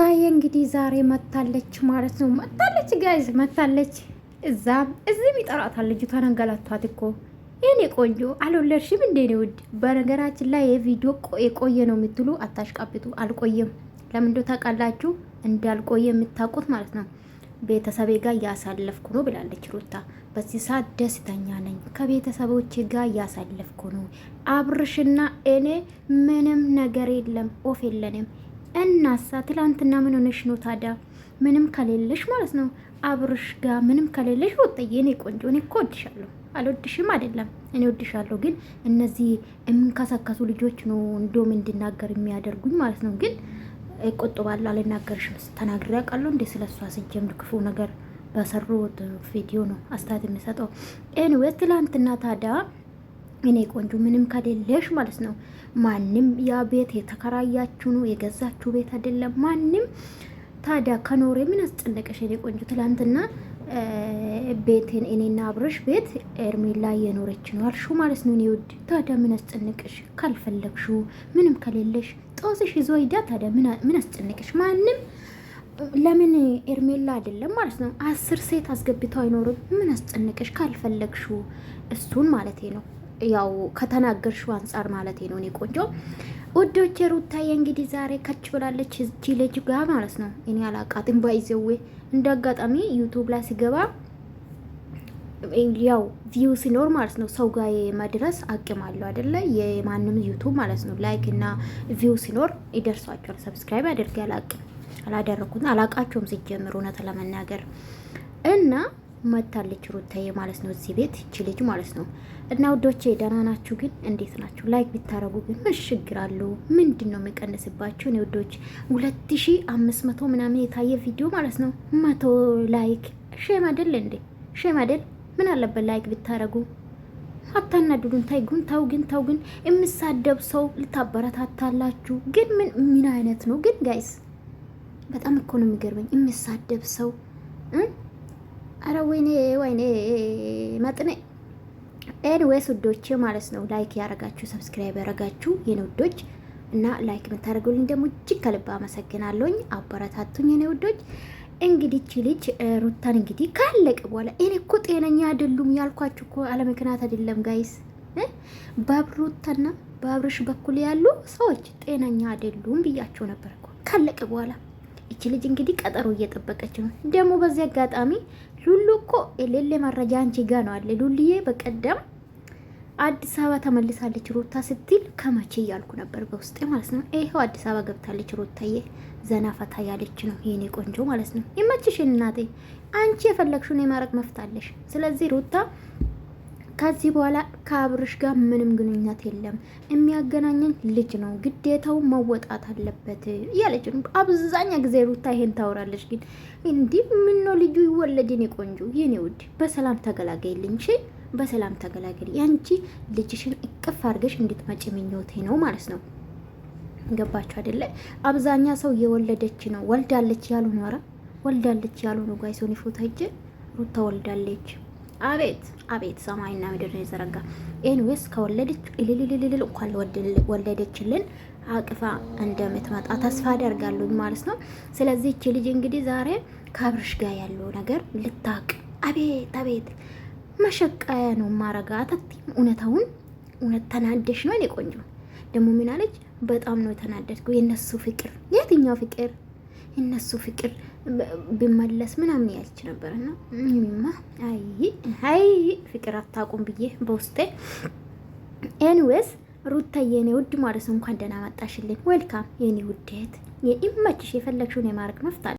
ሩታዬ እንግዲህ ዛሬ መታለች ማለት ነው። መታለች ጋይዝ መታለች። እዛ እዚህም ይጠራታል። ልጅቷን አንገላቷት እኮ የኔ ቆንጆ አልወለድሽም እንዴ ነው ውድ። በነገራችን ላይ የቪዲዮ የቆየ ነው የምትሉ አታሽቃብጡ። አልቆየም። ለምንዶ ታውቃላችሁ? እንዳልቆየ የምታውቁት ማለት ነው። ቤተሰቤ ጋር እያሳለፍኩ ነው ብላለች ሩታ። በዚህ ሰዓት ደስተኛ ነኝ፣ ከቤተሰቦች ጋር እያሳለፍኩ ነው። አብርሽና እኔ ምንም ነገር የለም፣ ኦፍ የለንም እናሳ ትላንትና ምን ሆነሽ ነው ታዲያ? ምንም ከሌለሽ ማለት ነው አብርሽ ጋር ምንም ከሌለሽ ወጥዬ፣ እኔ ቆንጆ፣ እኔ እኮ ወድሻለሁ። አልወድሽም አይደለም እኔ ወድሻለሁ፣ ግን እነዚህ የሚንከሰከሱ ልጆች ነው እንደውም እንድናገር የሚያደርጉኝ ማለት ነው። ግን እቆጥባለሁ፣ አልናገርሽም። ተናግሬ አውቃለሁ እንደ ስለ እሷ ስጀምር ክፉ ነገር በሰሩት ቪዲዮ ነው አስተያየት የሚሰጠው። ኤኒዌይስ ትላንትና ታዲያ እኔ ቆንጆ ምንም ከሌለሽ ማለት ነው። ማንም ያ ቤት የተከራያችሁ ነው የገዛችሁ ቤት አይደለም። ማንም ታዲያ ከኖሬ ምን አስጨነቀሽ? እኔ ቆንጆ ትላንትና ቤትን እኔና አብረሽ ቤት ኤርሜላ እየኖረች ነው አልሹ ማለት ነው። እኔ ውድ ታዲያ ምን አስጨነቅሽ? ካልፈለግሽው ምንም ከሌለሽ ጦስሽ ይዞ ሂዳ። ታዲያ ምን አስጨነቅሽ? ማንም ለምን ኤርሜላ አይደለም ማለት ነው። አስር ሴት አስገብተው አይኖርም። ምን አስጨነቅሽ? ካልፈለግሽው እሱን ማለት ነው ያው ከተናገርሽው አንጻር ማለት ነው። እኔ ቆንጆ ውዶች ሩታዬ እንግዲህ ዛሬ ከች ብላለች እቺ ልጅ ጋር ማለት ነው። እኔ አላቃትም ባይዘዌ እንደ አጋጣሚ ዩቱብ ላይ ሲገባ ያው ቪው ሲኖር ማለት ነው ሰው ጋር የመድረስ አቅም አለው አይደለ? የማንም ዩቱብ ማለት ነው ላይክ እና ቪው ሲኖር ይደርሷቸዋል። ሰብስክራይብ አድርጌ አላቅም አላደረኩት አላቃቸውም ሲጀምር እውነት ለመናገር እና መታለች ሩታዬ ማለት ነው። እዚህ ቤት እቺ ልጅ ማለት ነው። እና ውዶቼ ደህና ናችሁ ግን እንዴት ናችሁ? ላይክ ቢታረጉ ግን ምን ችግር አለው? ምንድን ነው የሚቀንስባችሁ? እኔ ውዶች ሁለት ሺ አምስት መቶ ምናምን የታየ ቪዲዮ ማለት ነው መቶ ላይክ ሼም አይደል እንዴ? ሼም አይደል? ምን አለበት ላይክ ቢታረጉ አታናድዱን። ታይ ግን ታው ግን ታው ግን የምሳደብ ሰው ልታበረታታላችሁ ግን ምን ምን አይነት ነው ግን ጋይስ? በጣም እኮ ነው የሚገርመኝ የምሳደብ ሰው አረ ወይኔ ወይኔ መጥኔ ወይስ ውዶች ማለት ነው። ላይክ ያረጋችሁ ሰብስክራይብ ያረጋችሁ የኔ ውዶች እና ላይክ የምታደርጉልኝ ደግሞ እጅግ ከልብ አመሰግናለሁኝ። አበረታቱኝ የኔ ውዶች። እንግዲህ ቺ ልጅ ሩታን እንግዲህ ካለቀ በኋላ እኔ እኮ ጤነኛ አይደሉም ያልኳችሁ እኮ አለ ምክንያት አይደለም ጋይስ። ሩታና በአብርሽ በኩል ያሉ ሰዎች ጤነኛ አይደሉም ብያቸው ነበር እኮ በኋላ እቺ ልጅ እንግዲህ ቀጠሮ እየጠበቀች ነው። ደግሞ በዚህ አጋጣሚ ሉሉ እኮ የሌለ መረጃ አንቺ ጋ ነው አለ ሉልዬ። በቀደም አዲስ አበባ ተመልሳለች ሩታ ስትል ከመቼ እያልኩ ነበር በውስጤ ማለት ነው። ይኸው አዲስ አበባ ገብታለች ሩታዬ፣ ዘና ፈታ ያለች ነው የኔ ቆንጆ ማለት ነው። ይመችሽ እናቴ፣ አንቺ የፈለግሽውን የማረቅ መፍታለሽ። ስለዚህ ሩታ ከዚህ በኋላ ከአብርሽ ጋር ምንም ግንኙነት የለም። የሚያገናኘን ልጅ ነው፣ ግዴታው መወጣት አለበት እያለች ነው። አብዛኛ ጊዜ ሩታ ይሄን ታወራለች። ግን እንዲህ ምን ነው ልጁ ይወለድ የኔ ቆንጆ የኔ ውድ፣ በሰላም ተገላገይልኝ፣ ሽ በሰላም ተገላገል። ያንቺ ልጅሽን እቅፍ አድርገሽ እንድትመጪ ምኞቴ ነው ማለት ነው። ገባችሁ አይደለ? አብዛኛ ሰው የወለደች ነው ወልዳለች ያሉ ነው። ወልዳለች ያሉ ነው። ጋይሶኒ ፎታ ሂጅ ሩታ ወልዳለች አቤት አቤት ሰማይና ምድር ነው የዘረጋ ኤንዌስ ከወለደች እልልልልል እንኳን ወለደችልን አቅፋ እንደምትመጣ ተስፋ አደርጋለሁ ማለት ነው። ስለዚህ እቺ ልጅ እንግዲህ ዛሬ ከአብርሽ ጋር ያለው ነገር ልታቅ አቤት አቤት መሸቀያ ነው ማረጋ አታቲም እውነታውን እውነት ተናደሽ ነው። የቆንጆ ደግሞ ምን አለች? በጣም ነው የተናደድኩ የእነሱ ፍቅር የትኛው ፍቅር እነሱ ፍቅር ብመለስ ምናምን ያለች ነበር እና እኔማ አይ አይ ፍቅር አታቁም ብዬ በውስጤ ኤኒዌይስ ሩታዬ የኔ ውድ ማለት ነው እንኳን ደህና መጣሽልኝ። ዌልካም የኔ ውድ እህት፣ የኢመችሽ የፈለግሽውን የማድረግ መፍታል